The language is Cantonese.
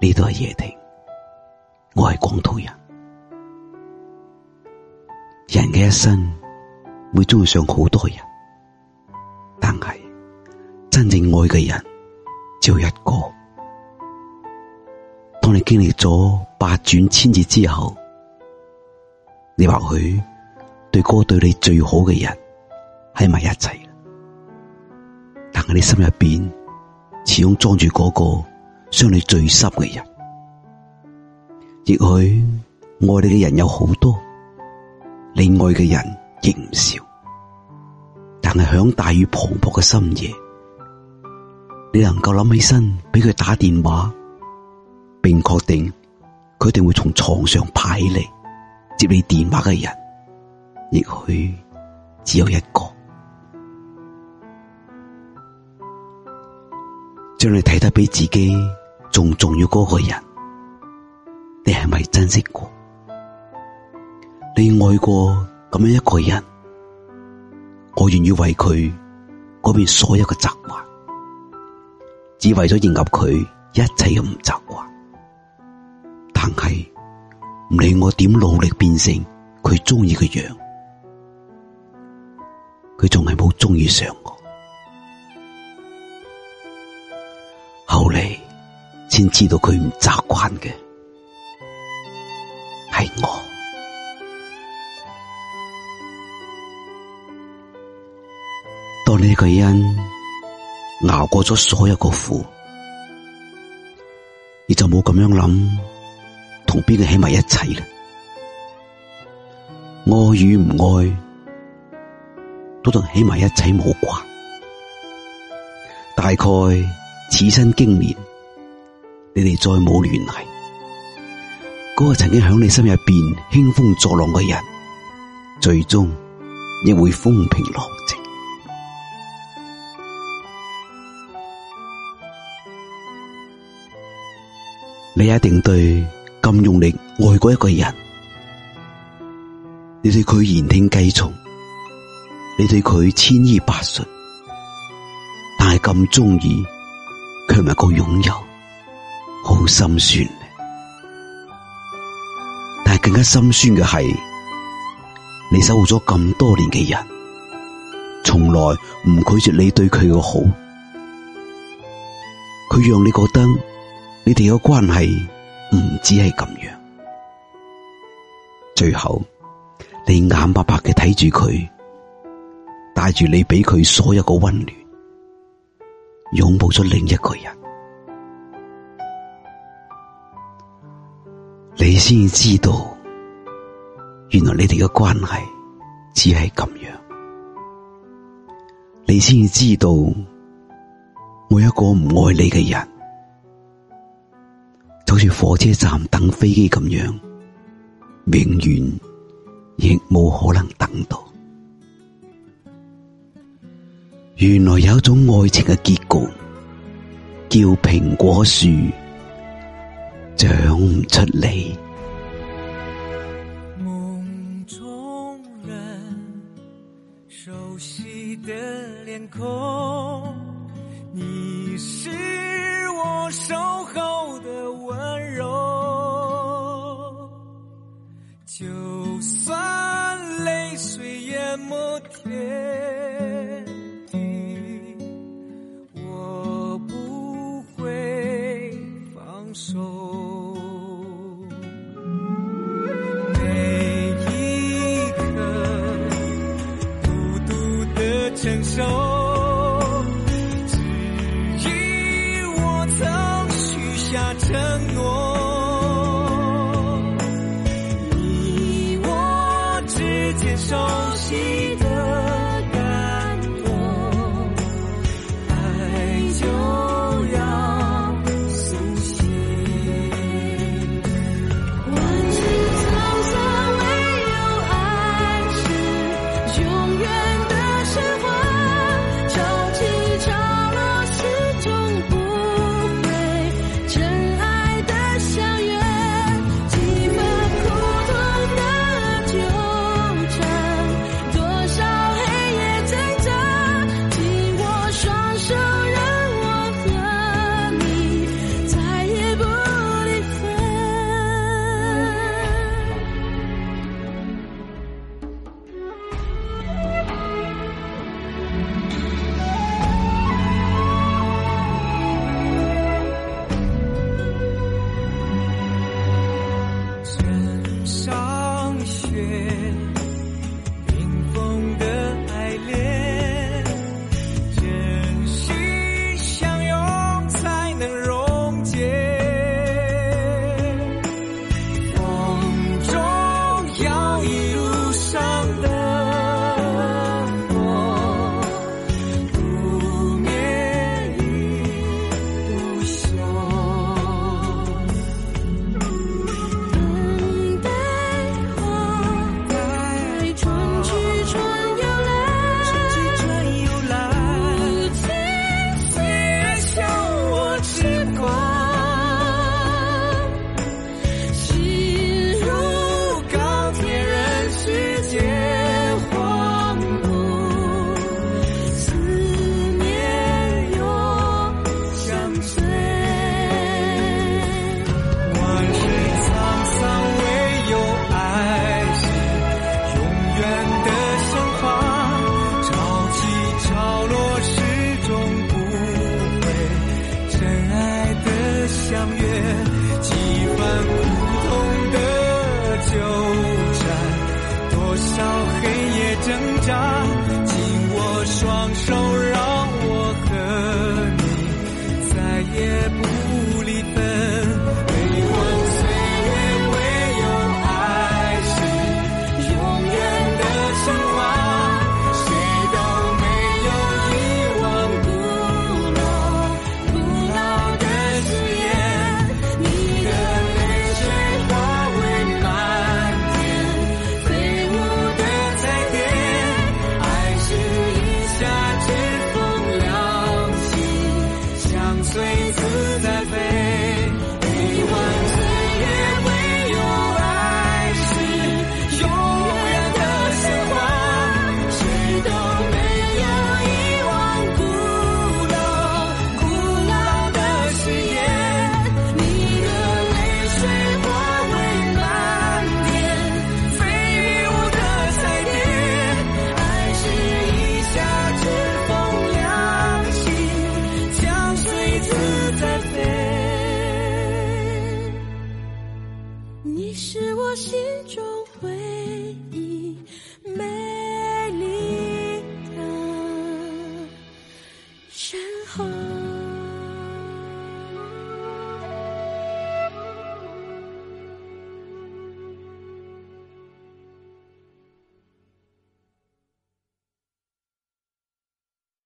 呢度係夜庭，我係廣東人。人嘅一生會中意上好多人，但係真正愛嘅人只有一個。當你經歷咗百轉千折之後，你或許對嗰個對你最好嘅人喺埋一齊，但係你心入邊始終裝住嗰個。傷你最深嘅人，亦許愛你嘅人有好多，你愛嘅人亦唔少。但係響大雨磅礴嘅深夜，你能夠諗起身俾佢打電話，並確定佢定會從床上爬起嚟，接你電話嘅人，亦許只有一個。將你睇得比自己。仲重要嗰個人，你係咪珍惜過？你愛過咁樣一個人，我願意為佢改變所有嘅習慣，只為咗迎合佢一切嘅唔習慣。但係唔理我點努力變成佢中意嘅樣，佢仲係冇中意上我。後嚟。先知道佢唔習慣嘅係我。當呢個人熬過咗所有個苦，你就冇咁樣諗，同邊個喺埋一齊啦？愛與唔愛都同喺埋一齊冇關。大概此生經年。你哋再冇聯繫，嗰個曾經響你心入邊興風作浪嘅人，最終亦會風平浪靜。你一定對咁用力愛過一個人，你對佢言聽計從，你對佢千依百順，但係咁中意，卻唔係個擁有。好心酸，但係更加心酸嘅係，你守護咗咁多年嘅人，從來唔拒絕你對佢嘅好，佢讓你覺得你哋嘅關係唔止係咁樣。最後，你眼白白嘅睇住佢，帶住你俾佢所有嘅溫暖，擁抱咗另一個人。你先至知道，原來你哋嘅關係只係咁樣。你先至知道，每一個唔愛你嘅人，就好似火車站等飛機咁樣，永遠亦冇可能等到。原來有一種愛情嘅結局，叫蘋果樹。淌着淚，夢中人，熟悉的臉孔，你是我守候的溫柔。就算淚水淹沒天地，我不會放手。接熟悉的。緊握雙手。讓